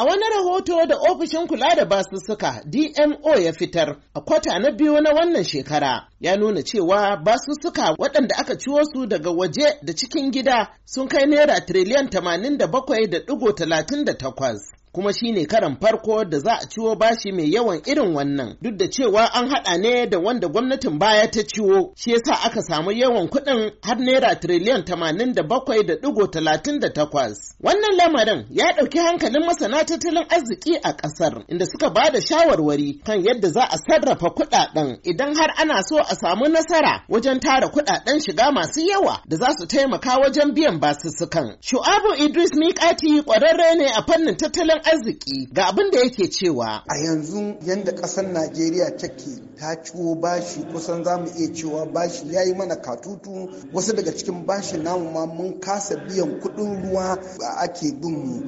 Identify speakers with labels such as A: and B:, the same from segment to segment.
A: A wani rahoto da ofishin kula da basussuka DMO ya fitar a kwata na biyu na wannan shekara ya nuna cewa basussuka waɗanda aka ciwo su daga waje da cikin gida sun kai naira tiriliyan takwas. kuma shine karan farko da za a ciwo bashi mai yawan irin wannan duk da cewa an haɗa ne da wanda gwamnatin baya ta ciwo shi yasa aka samu yawan kuɗin har naira tiriliyan tamanin da bakwai da ɗigo talatin da takwas wannan lamarin ya ɗauki hankalin masana tattalin arziki a ƙasar inda suka ba da shawarwari kan yadda za a sarrafa kuɗaɗen idan har ana so a samu nasara wajen tara kuɗaɗen shiga masu yawa da za su taimaka wajen biyan basussukan shu'abu idris miƙati ƙwararre ne a fannin tattalin
B: arziki ga abin da yake cewa a yanzu yadda ƙasar najeriya take ta ciwo bashi kusan za mu iya cewa bashi ya yi mana katutu wasu daga cikin bashi namu ma mun kasa biyan kuɗin ruwa ba ake bin mu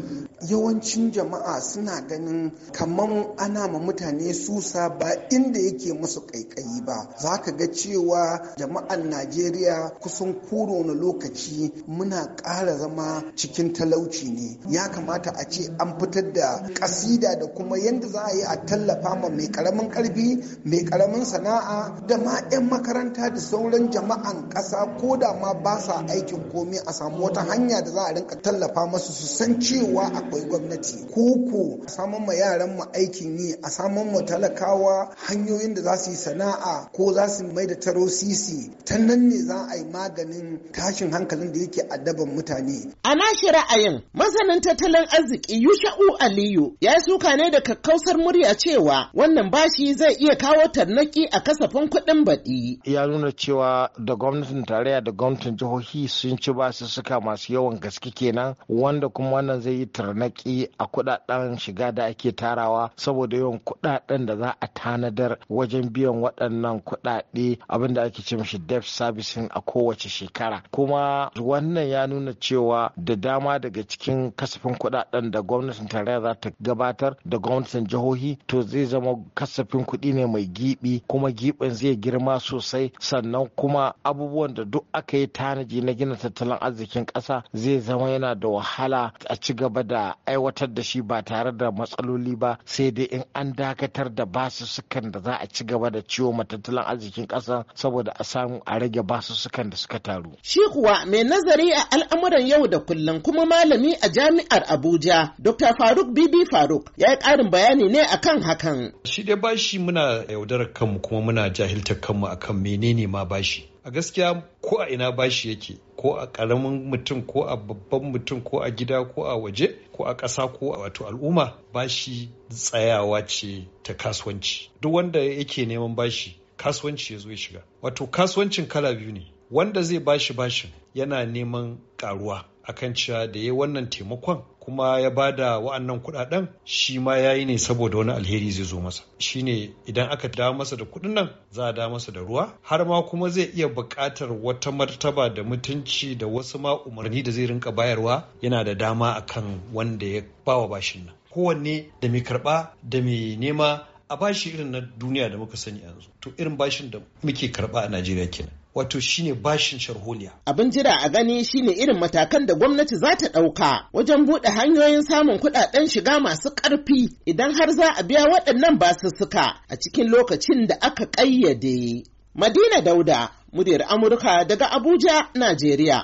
B: yawancin jama'a suna ganin kamar ana ma mutane susa ba inda yake musu ƙaiƙayi ba za ka ga cewa jama'an najeriya kusan koro na lokaci muna ƙara zama cikin talauci ne ya kamata a ce an fita gabatar da kasida da kuma yadda za a yi a tallafa ma mai karamin karfi mai karamin sana'a da ma 'yan makaranta da sauran jama'an ƙasa ko da ma ba sa aikin komai a samu wata hanya da za a rinka tallafa masu su san cewa akwai gwamnati koko a samun ma yaran mu aikin yi a samun mu talakawa hanyoyin da za su yi sana'a ko za su mai da taro sisi ta nan ne za a yi maganin tashin hankalin da yake addaban mutane
A: a nashi ra'ayin
B: masanin tattalin arziki yusha'u
A: Aliyu ya suka ne da kakkausar murya cewa wannan bashi zai iya kawo tarnaki a kasafin kuɗin baɗi.
C: Ya nuna cewa da gwamnatin tarayya da gwamnatin jihohi sun ci basu suka masu yawan gaske kenan wanda kuma wannan zai yi tarnaki a kuɗaɗen shiga da ake tarawa saboda yawan kuɗaɗen da za a tanadar wajen biyan waɗannan kuɗaɗe abinda ake ce mishi debt servicing a kowace shekara. Kuma wannan ya nuna cewa da dama daga cikin kasafin kuɗaɗen da gwamnatin tarayya tarayya za ta gabatar da gwamnatin jihohi to zai zama kasafin kuɗi ne mai gibi kuma gibin zai girma sosai sannan kuma abubuwan da duk aka yi tanaji na gina tattalin arzikin ƙasa zai zama yana da wahala a ci gaba da aiwatar da shi ba tare da matsaloli ba sai dai in an dakatar da basussukan da za a ci gaba da ciwo ma tattalin arzikin ƙasa saboda a samu a rage basussukan da suka taru.
A: Shi kuwa mai nazari a al'amuran yau da kullum kuma malami a jami'ar Abuja Dr. Faruk Bibi Faruk ya yi ƙarin bayani ne akan hakan.
D: Shi dai bashi muna yaudarar kanmu kuma muna jahiltar kanmu a kan menene ma bashi. A gaskiya ko a ina bashi yake ko a ƙaramin mutum ko a babban mutum ko a gida ko a waje ko a ƙasa ko a wato al'umma bashi tsayawa ce ta kasuwanci. Duk wanda yake neman bashi kasuwanci ya zo ya shiga. Wato kasuwancin kala biyu ne. Wanda zai bashi bashin yana neman ƙaruwa. akan cewa da ya wannan taimakon kuma ya ba da wa'annan kuɗaɗen shi ma ya yi ne saboda wani alheri zai zo masa Shi ne idan aka dawo masa da kuɗin nan za a dawo masa da ruwa har ma kuma zai iya buƙatar wata martaba da mutunci da wasu ma umarni da zai rinka bayarwa yana da dama akan wanda ya bawa bashin nan kowanne da mai karɓa da mai nema a bashi irin na duniya da muka sani yanzu to irin bashin da muke karɓa a najeriya kenan wato shine bashin sharholiya.
A: Abin jira a gani shine irin matakan da gwamnati za ta ɗauka wajen buɗe hanyoyin samun kuɗaɗen shiga masu ƙarfi idan har za a biya waɗannan basussuka a cikin lokacin da aka ƙayyade. Madina Dauda, muryar Amurka daga Abuja, Najeriya.